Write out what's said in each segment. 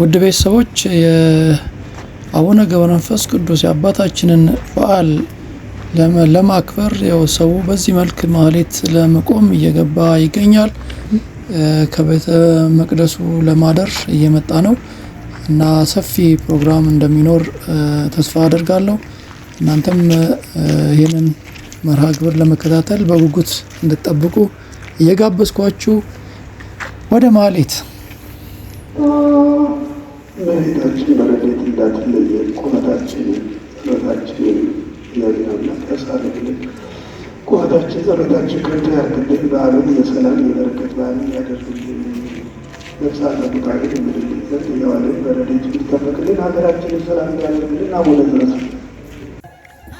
ውድ ቤተሰቦች የአቡነ ገብረ መንፈስ ቅዱስ የአባታችንን በዓል ለማክበር ያው ሰው በዚህ መልክ ማህሌት ለመቆም እየገባ ይገኛል። ከቤተ መቅደሱ ለማደር እየመጣ ነው እና ሰፊ ፕሮግራም እንደሚኖር ተስፋ አደርጋለሁ። እናንተም ይህንን መርሃ ግብር ለመከታተል በጉጉት እንድትጠብቁ እየጋበዝኳችሁ ወደ ማህሌት መሬታችን በረከት እንዳትለየን ቁመታችን ጥረታችን ያዝናናል። ያሳርግልን። ቁመታችን ጸሎታችን ከቶ ያርግልን። በዓሉን የሰላም የበረከት በዓልን ያደርግልን። ነፍሳት ቁጣጌ ምድልበት የዋለን በረዴት ይጠበቅልን። ሀገራችንን ሰላም ያደርግልን። አቡነ ዘበሰማያት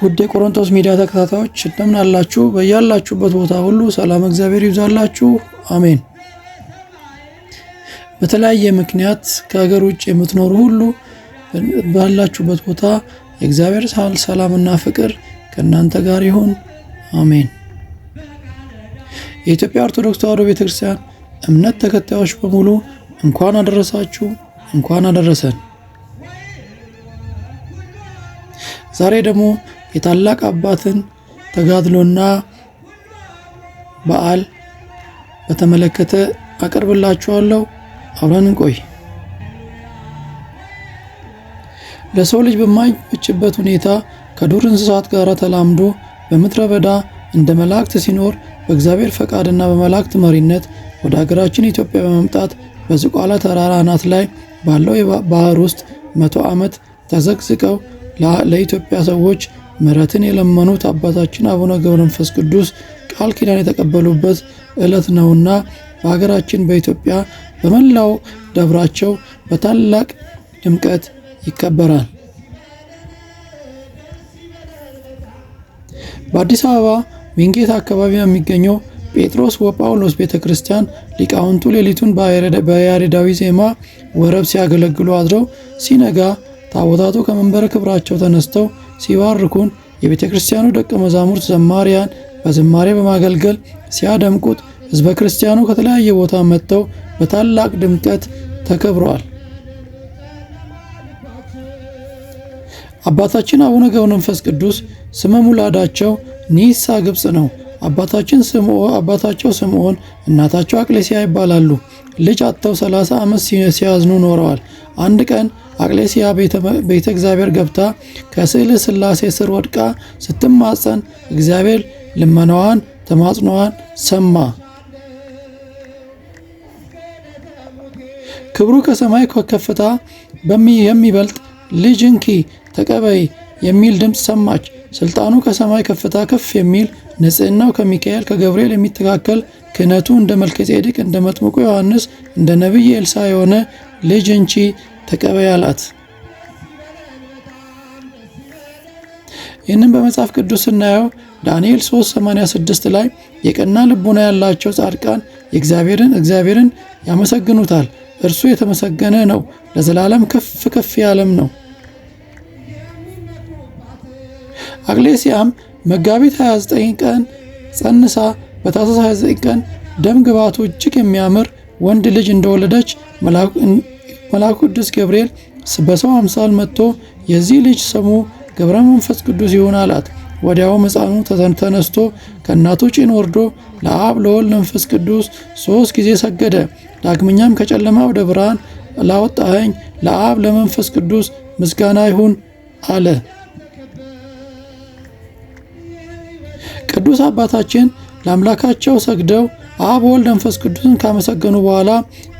ውድ የቆሮንቶስ ሚዲያ ተከታታዮች እንደምን አላችሁ? በያላችሁበት ቦታ ሁሉ ሰላም እግዚአብሔር ይብዛላችሁ። አሜን። በተለያየ ምክንያት ከሀገር ውጭ የምትኖሩ ሁሉ ባላችሁበት ቦታ የእግዚአብሔር ሰላምና ፍቅር ከእናንተ ጋር ይሁን፣ አሜን። የኢትዮጵያ ኦርቶዶክስ ተዋሕዶ ቤተክርስቲያን እምነት ተከታዮች በሙሉ እንኳን አደረሳችሁ፣ እንኳን አደረሰን። ዛሬ ደግሞ የታላቅ አባትን ተጋድሎና በዓል በተመለከተ አቀርብላችኋለሁ። አብረን እንቆይ። ለሰው ልጅ በማይመችበት ሁኔታ ከዱር እንስሳት ጋር ተላምዶ በምድረ በዳ እንደ መላእክት ሲኖር በእግዚአብሔር ፈቃድና በመላእክት መሪነት ወደ ሀገራችን ኢትዮጵያ በመምጣት በዝቋላ ተራራ አናት ላይ ባለው ባህር ውስጥ መቶ ዓመት ተዘቅዝቀው ለኢትዮጵያ ሰዎች ምሕረትን የለመኑት አባታችን አቡነ ገብረ መንፈስ ቅዱስ ቃል ኪዳን የተቀበሉበት ዕለት ነውና በሀገራችን በኢትዮጵያ በመላው ደብራቸው በታላቅ ድምቀት ይከበራል። በአዲስ አበባ ዊንጌት አካባቢ የሚገኘው ጴጥሮስ ወጳውሎስ ቤተ ክርስቲያን ሊቃውንቱ ሌሊቱን በያሬዳዊ ዜማ ወረብ ሲያገለግሉ አድረው ሲነጋ ታቦታቱ ከመንበረ ክብራቸው ተነስተው ሲባርኩን የቤተ ክርስቲያኑ ደቀ መዛሙርት ዘማሪያን በዝማሬ በማገልገል ሲያደምቁት ሕዝበ ክርስቲያኑ ከተለያየ ቦታ መጥተው በታላቅ ድምቀት ተከብረዋል። አባታችን አቡነ ገብረ መንፈስ ቅዱስ ስመ ሙላዳቸው ኒሳ ግብፅ ነው። አባታችን ስምዖን አባታቸው ስምዖን እናታቸው አቅሌሲያ ይባላሉ። ልጅ አጥተው 30 ዓመት ሲያዝኑ ኖረዋል። አንድ ቀን አቅሌሲያ ቤተ እግዚአብሔር ገብታ ከስዕል ሥላሴ ስር ወድቃ ስትማጸን እግዚአብሔር ልመናዋን ተማጽኗዋን ሰማ። ክብሩ ከሰማይ ከከፍታ የሚበልጥ ልጅ እንኪ ተቀበይ የሚል ድምፅ ሰማች። ስልጣኑ ከሰማይ ከፍታ ከፍ የሚል ንጽህናው ከሚካኤል ከገብርኤል የሚተካከል ክህነቱ እንደ መልከጼዴቅ እንደ መጥምቁ ዮሐንስ እንደ ነቢይ ኤልሳ የሆነ ልጅ እንቺ ተቀበይ አላት። ይህንን በመጽሐፍ ቅዱስ ስናየው ዳንኤል 3:86 ላይ የቀና ልቡና ያላቸው ጻድቃን የእግዚአብሔርን እግዚአብሔርን ያመሰግኑታል እርሱ የተመሰገነ ነው፣ ለዘላለም ከፍ ከፍ ያለም ነው። አቅሌሲያም መጋቢት 29 ቀን ጸንሳ በታኅሳስ 29 ቀን ደም ግባቱ እጅግ የሚያምር ወንድ ልጅ እንደወለደች መልአኩ ቅዱስ ገብርኤል በሰው አምሳል መጥቶ የዚህ ልጅ ስሙ ገብረ መንፈስ ቅዱስ ይሁን አላት። ወዲያውም ሕፃኑ ተነስቶ ከእናቱ ጭን ወርዶ ለአብ ለወልድ ለመንፈስ ቅዱስ ሶስት ጊዜ ሰገደ። ዳግመኛም ከጨለማ ወደ ብርሃን ላወጣኸኝ ለአብ ለመንፈስ ቅዱስ ምስጋና ይሁን አለ። ቅዱስ አባታችን ለአምላካቸው ሰግደው አብ ወልድ መንፈስ ቅዱስን ካመሰገኑ በኋላ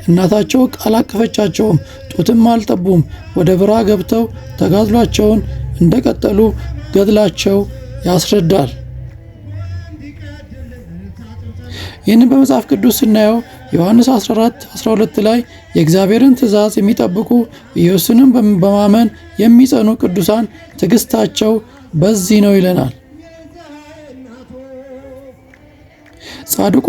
እናታቸው አላቀፈቻቸውም፣ ጡትም አልጠቡም። ወደ ብራ ገብተው ተጋድሏቸውን እንደቀጠሉ ገድላቸው ያስረዳል። ይህንን በመጽሐፍ ቅዱስ ስናየው ዮሐንስ 14 12 ላይ የእግዚአብሔርን ትእዛዝ የሚጠብቁ ኢየሱስንም በማመን የሚጸኑ ቅዱሳን ትዕግስታቸው በዚህ ነው ይለናል። ጻድቁ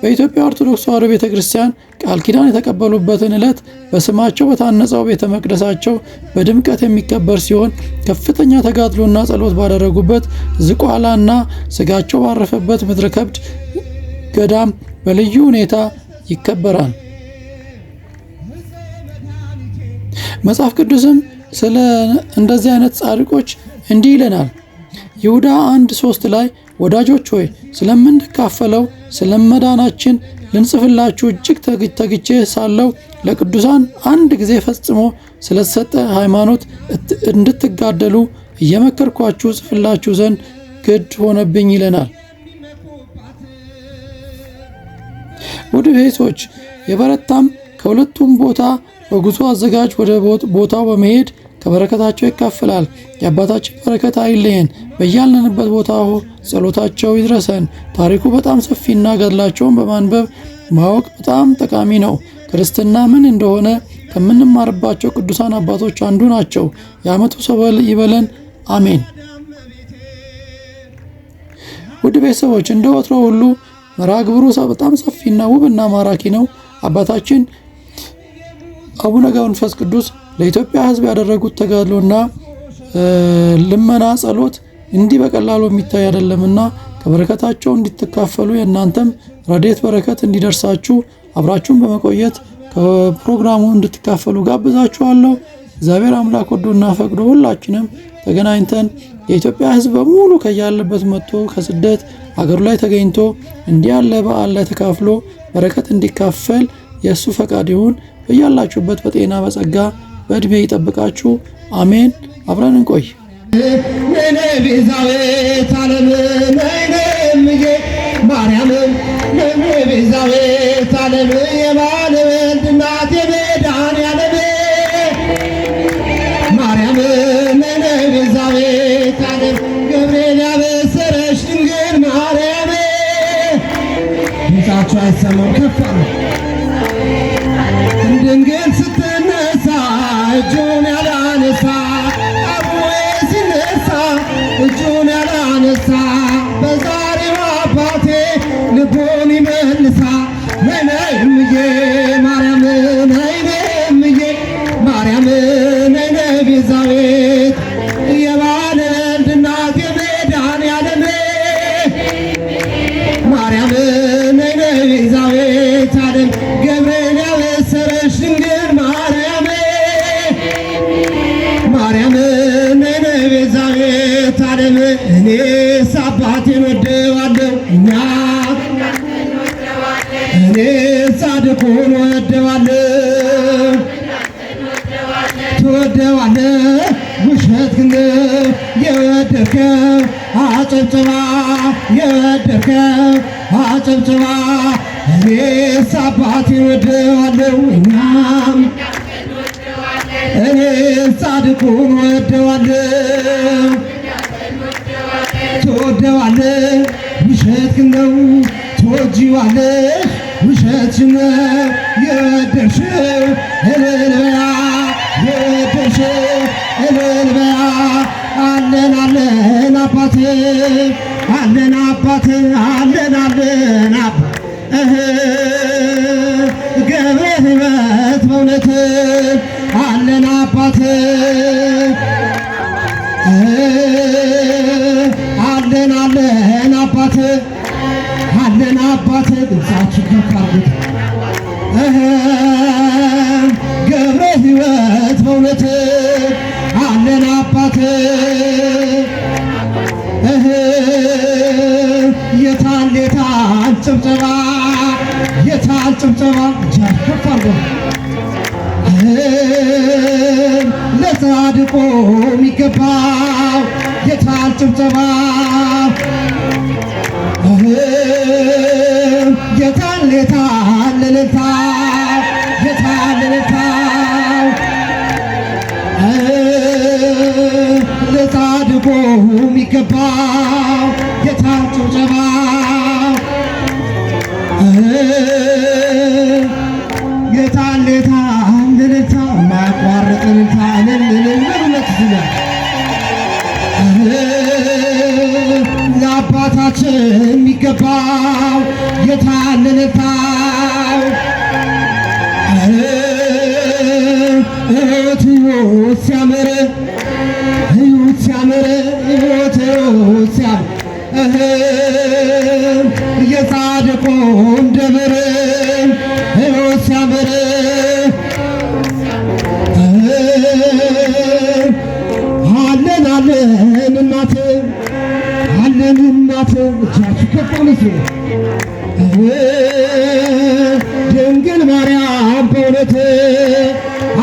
በኢትዮጵያ ኦርቶዶክስ ተዋሕዶ ቤተ ክርስቲያን ቃል ኪዳን የተቀበሉበትን ዕለት በስማቸው በታነጸው ቤተ መቅደሳቸው በድምቀት የሚከበር ሲሆን ከፍተኛ ተጋድሎና ጸሎት ባደረጉበት ዝቋላና ስጋቸው ባረፈበት ምድረ ከብድ ገዳም በልዩ ሁኔታ ይከበራል። መጽሐፍ ቅዱስም ስለ እንደዚህ አይነት ጻድቆች እንዲህ ይለናል። ይሁዳ አንድ ሶስት ላይ ወዳጆች ሆይ ስለምንካፈለው ስለ መዳናችን ልንጽፍላችሁ እጅግ ተግቼ ሳለው ለቅዱሳን አንድ ጊዜ ፈጽሞ ስለተሰጠ ሃይማኖት እንድትጋደሉ እየመከርኳችሁ ጽፍላችሁ ዘንድ ግድ ሆነብኝ ይለናል። ውድ ቤቶች የበረታም ከሁለቱም ቦታ በጉዞ አዘጋጅ ወደ ቦታው በመሄድ ከበረከታቸው ይካፈላል። የአባታችን በረከት አይለየን። በያለንበት ቦታ ጸሎታቸው ይድረሰን። ታሪኩ በጣም ሰፊና ገድላቸውን በማንበብ ማወቅ በጣም ጠቃሚ ነው። ክርስትና ምን እንደሆነ ከምንማርባቸው ቅዱሳን አባቶች አንዱ ናቸው። የዓመቱ ሰበል ይበለን። አሜን። ውድ ቤተሰቦች እንደ ወትሮ ሁሉ መርሃ ግብሩ በጣም ሰፊና ውብና ማራኪ ነው። አባታችን አቡነ ገብረ መንፈስ ቅዱስ ለኢትዮጵያ ሕዝብ ያደረጉት ተጋድሎና ልመና ጸሎት እንዲህ በቀላሉ የሚታይ አይደለምና ከበረከታቸው እንድትካፈሉ የእናንተም ረዴት በረከት እንዲደርሳችሁ አብራችሁን በመቆየት ከፕሮግራሙ እንድትካፈሉ ጋብዛችኋለሁ። እግዚአብሔር አምላክ ወዶና ፈቅዶ ሁላችንም ተገናኝተን የኢትዮጵያ ህዝብ በሙሉ ከያለበት መጥቶ ከስደት አገሩ ላይ ተገኝቶ እንዲህ ያለ በዓል ላይ ተካፍሎ በረከት እንዲካፈል የእሱ ፈቃድ ይሁን። በያላችሁበት በጤና በጸጋ በእድሜ ይጠብቃችሁ። አሜን። አብረን እንቆይ። ቤዛቤት ዓለም ቤዛቤት ዓለም እናት ቤዛቤት ዓለም ገብርኤል ያበሰረሽ ድንግል ማርያም አይሰማም መንግሥት ጻድቁን ወደዋለህ ትወደዋለህ ውሸት ግን የወደድከው አጨብጭባ የወደድከው አጨብጭባ እኔስ አባቴ ወደዋለሁ እኛም እኔስ ጻድቁን ወደዋለሁ ትወደዋለህ ውሸት ግን ነው ትወጂዋለህ ውሸት ነው የወደድሽው እልል በያ የወደድሽው እልል በያ አለን አለን አባቴ አለን አባቴ አለን አለን አባቴ ገብረ ሕይወት በእውነት አለን አባቴ አለን አለን አባቴ ድምፃችሁ ከፍ አድርጉት። ገብረ ሕይወት በእውነት አለን አባት የታል የታል ጭብጨባ የታል ጭብጨባ ከፍ አድርገው ለጻድቆ የሚገባው የታል ጭብጨባ ጌታን ጌታን ልልታ ጌታን ልልታ ለጻድቁ የሚገባው ጌታን ጭብጨባ ጌታን ጌታን ልልታ ልታ ልልታ ልልልል ምነት ይላል ልንሰጣችን የሚገባው የታን ልልታ እት ህይወት ሲያምር ህይወት ሲያምር ህይወት ሲያምር የጻድቁን ደብር ህይወት ሲያምር አለን አለን እናት የለም እናት እጃችሁ ከፍ ማለት ነው። ድንግል ማርያም በእውነት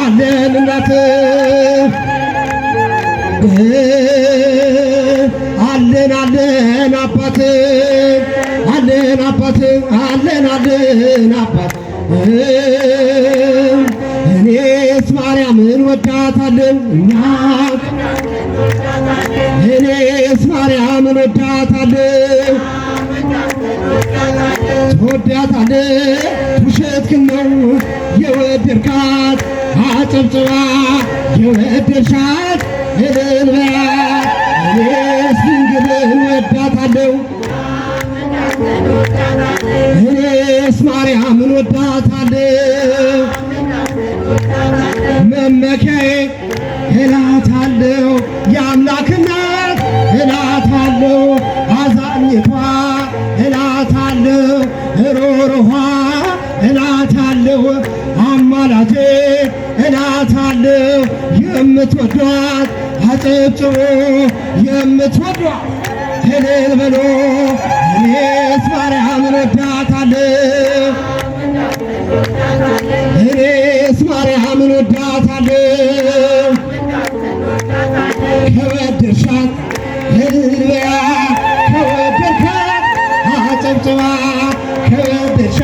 አለን እናት አለን አለን አባት አለን አባት አለን አለን አባት እኔስ ማርያምን ወዳታለን እኛ ትወዳታለህ ትወዳታለህ ውሸትህን ነው የወደድካት አጨብጭባ የወደድሻት እልል እኔስ ድንግልን ወዳታለሁ እኔስ ማርያምን ወዳታለሁ መመኪያዬ እላታለሁ የአምላክ እናት እላታለሁ መድኃኒቷ እላታለሁ ሮሮኋ እላታለሁ አማላቴ እላታለሁ የምትወዷት አጨብጭቦ የምትወዷት እልል በሎ እኔስ ማርያምን ወዳታለሁ እኔስ ማርያምን ወዳታለሁ ከወደድሻት እልል በያ አጥዋት ከብሻ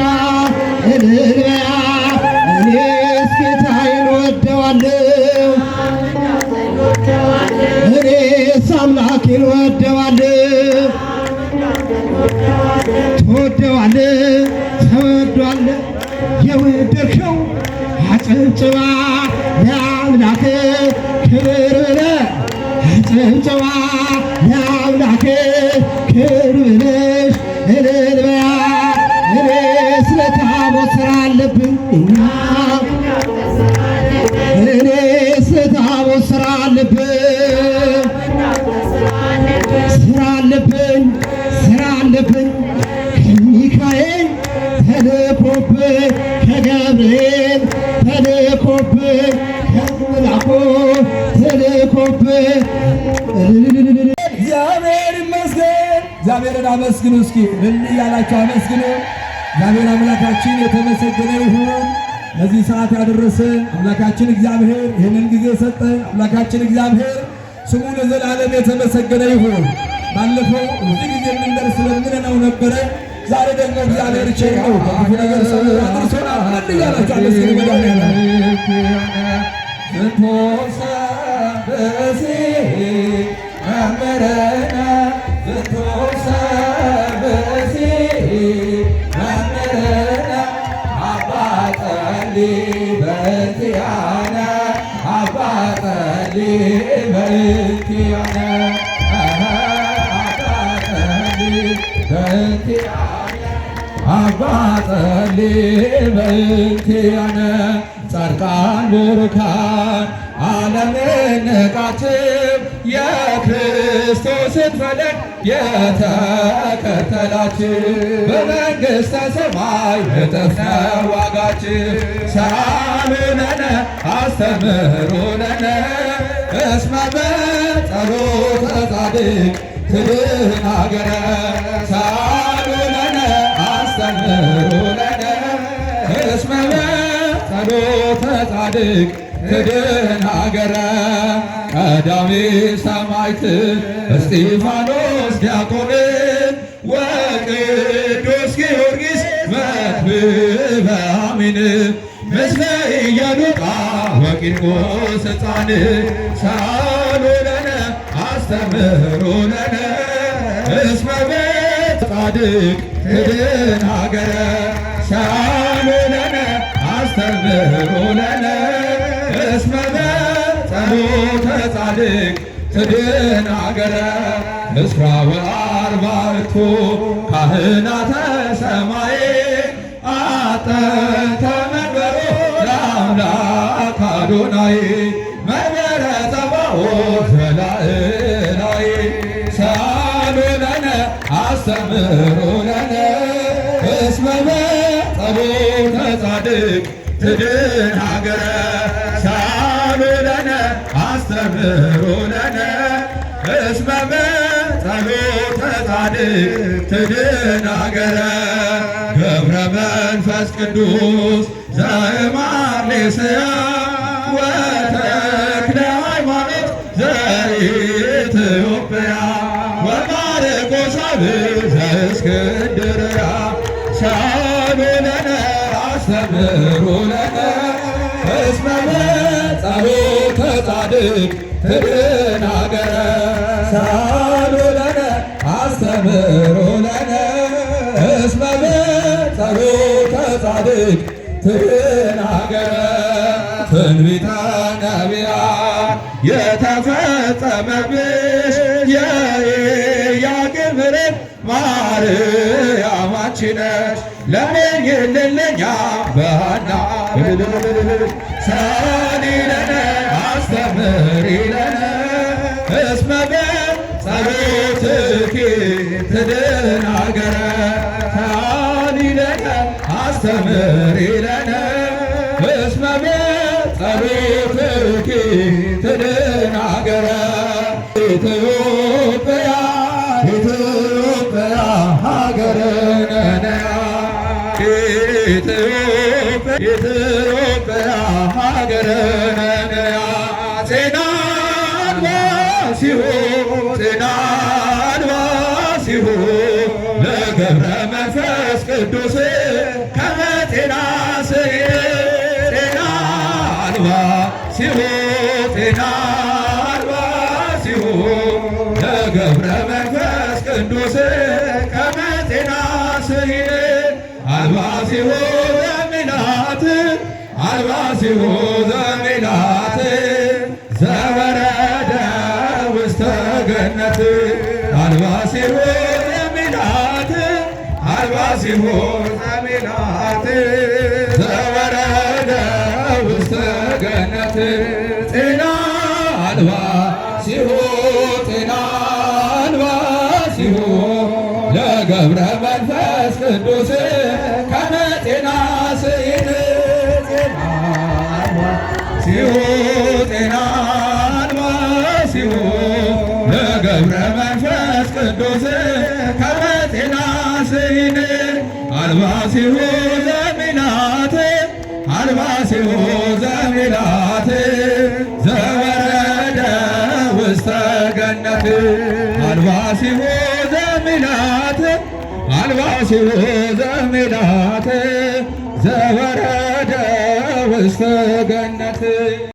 አምላኬን ወደዋለሁ ትወደዋለህ ስራ አለብን፣ ስራ አለብን፣ ስራ አለብን ከሚካኤል ተልኮብን ከገብርኤል ተልኮብን ከመላኩ ተልኮብን። እግዚአብሔር ይመስገን። እግዚአብሔርን አመስግኑ እስኪ ምን እያላችሁ አመስግኑ። እግዚአብሔር አምላካችን የተመሰገነ ይሁን። ለዚህ ሰዓት ያደረሰ አምላካችን እግዚአብሔር ይህንን ጊዜ ሰጠ። አምላካችን እግዚአብሔር ስሙ ለዘላለም የተመሰገነ ይሁን። ባለፈው ብዙ ጊዜ የምንደርስ ለምንነው ነበረ። ዛሬ ደግሞ እግዚአብሔር ቸር ነው። በክፉ ነገር ሰው አድርሶናል። አንድ ያላቸው አለስ ግዳ ፍቶሰ በሴ መመረና ፍቶሰ አባ ጸልይ በእንቲአነ ጻድቃን ቡሩካን ዓለምን ንቃችሁ የክርስቶስን ፈለግ የተከተላችሁ በመንግሥተ ሰማይ እጥፍ ነው ዋጋችሁ። አስተምሩነነ እስመ በጸሎተ ጻድቅ ትድኅን አገረ ዘምሩ ለነ እስመ ጸሎተ ጻድቅ ትድኅን ሰማዕት እስጢፋኖስ ዲያቆን ወቅዱስ ጊዮርጊስ መክብበ አሚን ምስለ ወቂርቆስ ሕፃን ሳሉ ለነ አስተምሩ ለነ እስመ ጻድቅ ህድን ሀገረ ሰአሉ ለነ አስተርብሩ ለነ እስመ በጸሎተ ጻድቅ ትድን ሀገረ ምስራ ወአርባዕቱ ካህናተ ሰማይ አጠንተ መንበሩ ለአምላክ አዶናይ መንበረ ጸባዖት ሮነነ እስመመ ጸሎተ ጻድቅ ትድን ሀገረ ሳሉለነ አስተምሮነነ እስመመ ጸሎተ ጻድቅ ትድን ሀገረ ገብረ መንፈስ ቅዱስ ዘማሌስያ ወተክለ ሃይማኖት ዘኢትዮጵያ እስክንድርያ ሰኑለነ አስተምሩለነ እስመ ጻድቅ ትድናገረ እስመ ጻድቅ ትድናገረ ትንቢተ ነቢያ የተፈጸመብ እልልኛ በሃና ሰኒ ለነ አስተምሪ ለነ እስመ በጸሎትኪ ትድኅን አገረ ሰኒ ለነ አስተምሪ ለነ እስመ በጸሎትኪ ትድኅን አገረ ኢትዮጵያ ሀገረ መንፈስ ቅዱስ ከመቴና ስዬ አልባ ሲሆ ዘሚላት አልባ ዘበረደ ውስተ ገነት አልባ ሲሆ ዘሚላት አልባ ዘበረደ ውስተ ገነት ጤና አልባ ጤና አልባ ለገብረ ሲሁ ጤና አልባ ሲሁ በገብረ መንፈስ ቅዱስ ከመ ስሂን አልባ ሲሁ ዘሚላት አልባ ሲሁ ዘሚላት ዘወረደ ውስተ ገነት አልባ ሲሁ ዘሚላት አልባ ሲሁ ዘሚላት ዘወረ በስተገነት